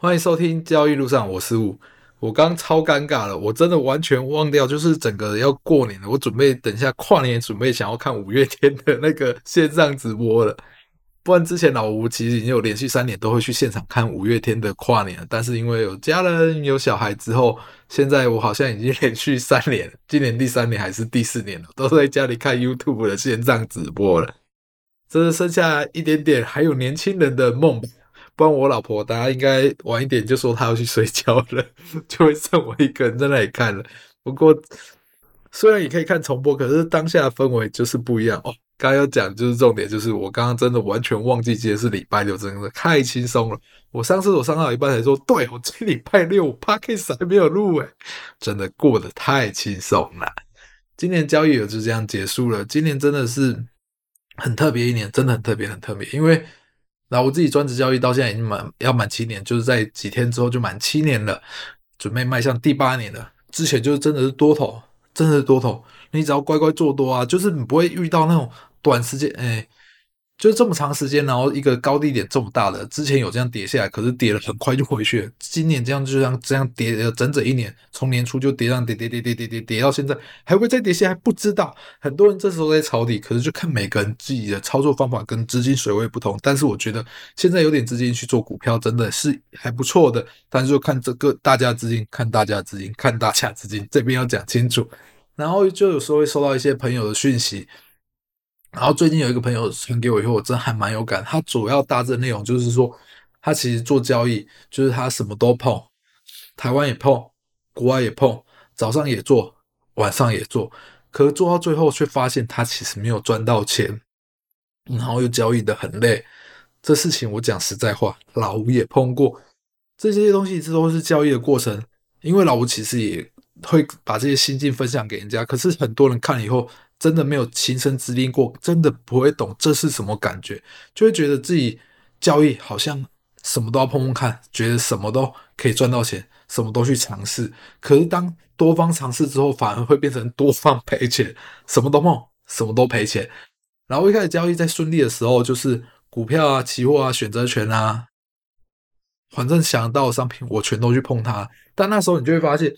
歡迎收聽交易路上，我是吳，我剛超尷尬了，我真的完全忘掉，就是整個要過年了，我準備等一下跨年，準備想要看五月天的那個線上直播了。不然之前老吳其實已經有連續三年都會去現場看五月天的跨年了，但是因為有家人有小孩之後，現在我好像已經連續三年，今年第三年還是第四年了，都在家裡看 YouTube 的線上直播了。這是，剩下一點點，還有年輕人的夢不然我老婆，大家應該晚一點就說她要去睡覺了，就會剩我一個人在那裡看了。不過雖然也可以看重播，可是當下的氛圍就是不一樣哦。剛要講就是重點，就是我剛剛真的完全忘記今天是禮拜六，真的太輕鬆了。我上次我上到一半才說，對我這禮拜六，我 podcast 還沒有錄哎、欸，真的過得太輕鬆了。今年交易也就這樣結束了，今年真的是很特別一年，真的很特別，很特別，因為。那我自己專職交易到現在已經滿要滿七年，就是在幾天之後就滿七年了，準備邁向第八年了。之前就是真的是多頭，真的是多頭，你只要乖乖做多啊，就是你不會遇到那種短時間哎。就是這麼長時間，然後一個高低點這麼大的，之前有這樣跌下來，可是跌了很快就回去了。今年這樣就像這樣跌，整整一年，從年初就跌，這樣跌跌跌跌跌跌跌到現在，還會再跌下還不知道。很多人這時候在抄底，可是就看每個人自己的操作方法跟資金水位不同。但是我覺得現在有點資金去做股票真的是還不錯的，但是就看這個大家資金，看大家資金，看大家資金這邊要講清楚。然後就有時候會收到一些朋友的訊息。然後最近有一個朋友傳給我以後，我真還蠻有感。他主要大致內容就是說，他其實做交易，就是他什麼都碰，台灣也碰，國外也碰，早上也做，晚上也做，可是做到最後卻發現他其實沒有賺到錢，然後又交易得很累。這事情我講實在話，老吳也碰過，這些東西這都是交易的過程，因為老吳其實也會把這些心境分享給人家，可是很多人看了以後。真的沒有親身經歷過，真的不會懂這是什麼感覺，就會覺得自己交易好像什麼都要碰碰看，覺得什麼都可以賺到錢，什麼都去嘗試。可是當多方嘗試之後，反而會變成多方賠錢，什麼都碰，什麼都賠錢。然後一開始交易在順利的時候，就是股票啊、期貨啊、選擇權啊，反正想得到的商品，我全都去碰它。但那時候你就會發現。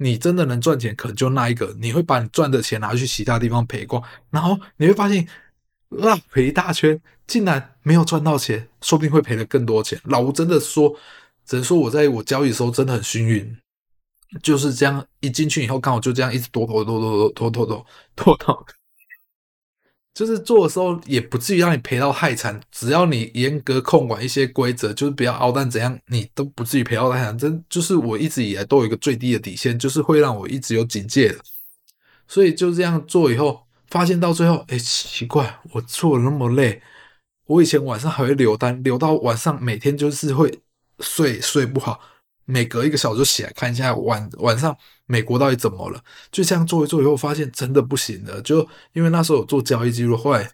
你真的能賺錢，可能就那一個，你會把你賺的錢拿去其他地方賠光，然後你會發現，那、呃、賠一大圈，竟然沒有賺到錢，說不定會賠得更多錢。老吳真的說，只能說我在我交易的時候真的很幸運，就是這樣，一進去以後剛好就這樣一直躲躲躲躲躲躲躲躲到。躲躲躲就是做的時候也不至於讓你賠到太慘，只要你嚴格控管一些規則，就是不要凹單怎樣，你都不至於賠到太慘。真就是我一直以來都有一個最低的底線，就是會讓我一直有警戒的。所以就這樣做以後，發現到最後，哎、欸，奇怪，我做了那麼累，我以前晚上還會留單，留到晚上，每天就是會睡睡不好。每隔一個小時就起來看一下晚晚上美國到底怎麼了，就這樣做一做以後發現真的不行的，就因為那時候有做交易記錄，後來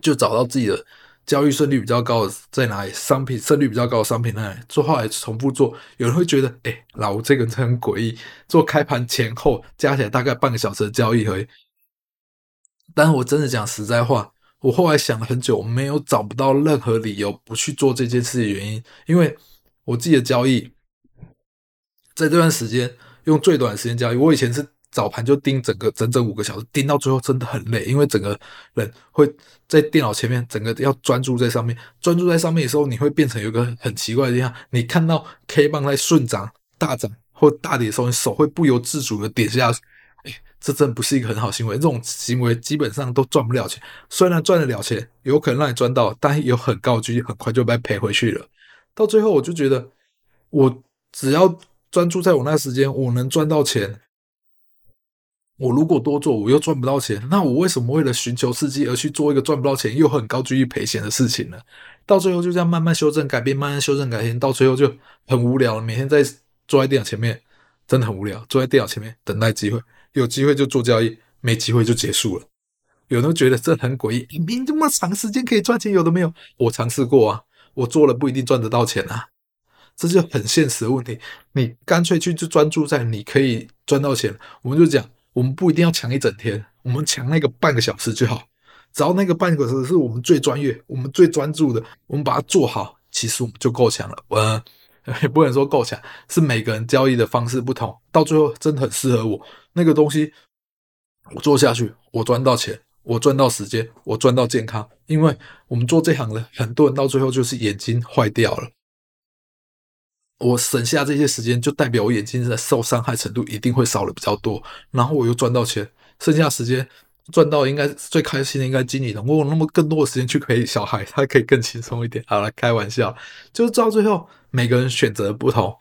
就找到自己的交易勝率比較高的在哪裡，商品勝率比較高的商品在哪裡，做，後來重複做，有人會覺得哎、欸，老吳這個人很詭異，做開盤前後加起來大概半個小時的交易而已。但我真的講實在話，我後來想了很久，我沒有找不到任何理由不去做這件事的原因，因為我自己的交易。在這段時間用最短的時間交易，我以前是早盤就盯整個整整五個小時，盯到最後真的很累，因為整個人會在電腦前面，整個要專注在上面，專注在上面的時候，你會變成有一個很奇怪的地方，你看到 K 棒在順漲、大漲或大跌的、的時候，你手會不由自主的點下去。哎、欸，這真不是一個很好行為，這種行為基本上都賺不了錢，雖然賺得了錢，有可能讓你賺到，但有很高的幾率很快就被賠回去了。到最後，我就覺得我只要。專注在我那時間，我能賺到錢。我如果多做，我又賺不到錢。那我為什麼為了尋求刺激而去做一個賺不到錢又很高機率賠錢的事情呢？到最後就這樣慢慢修正改變，慢慢修正改變，到最後就很無聊了。每天在坐在電腦前面，真的很無聊。坐在電腦前面等待機會，有機會就做交易，沒機會就結束了。有人覺得這很詭異，明明這麼長時間可以賺錢，有的沒有。我嘗試過啊，我做了不一定賺得到錢啊。這就很現實的問題，你乾脆去就專注在你可以賺到錢。我們就講，我們不一定要強一整天，我們強那個半個小時就好，只要那個半個小時是我們最專業、我們最專注的，我們把它做好，其實我們就夠強了。嗯，也不能說夠強，是每個人交易的方式不同，到最後真的很適合我那個東西，我做下去，我賺到錢，我賺到時間，我賺到健康。因為我們做這行的，很多人到最後就是眼睛壞掉了。我省下這些時間，就代表我眼睛的受傷害程度一定會少了比較多。然後我又賺到錢，剩下時間賺到應該最開心的應該經理，能夠有那麼更多的時間去陪小孩，他可以更輕鬆一點。好了，開玩笑，就是到最後每個人選擇的不同，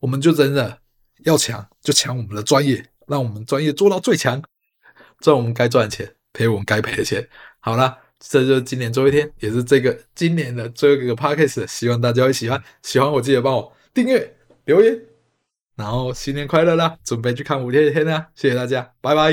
我們就真的要強就強我們的專業，讓我們專業做到最強，賺我們該賺的錢，賠我們該賠的錢。好了，這就是今年最後一天，也是這個今年的最後一個 podcast 希望大家會喜歡。喜歡我記得幫我。訂閱、留言，然後新年快樂啦！準備去看《五月天》啦，啊，謝謝大家，拜拜。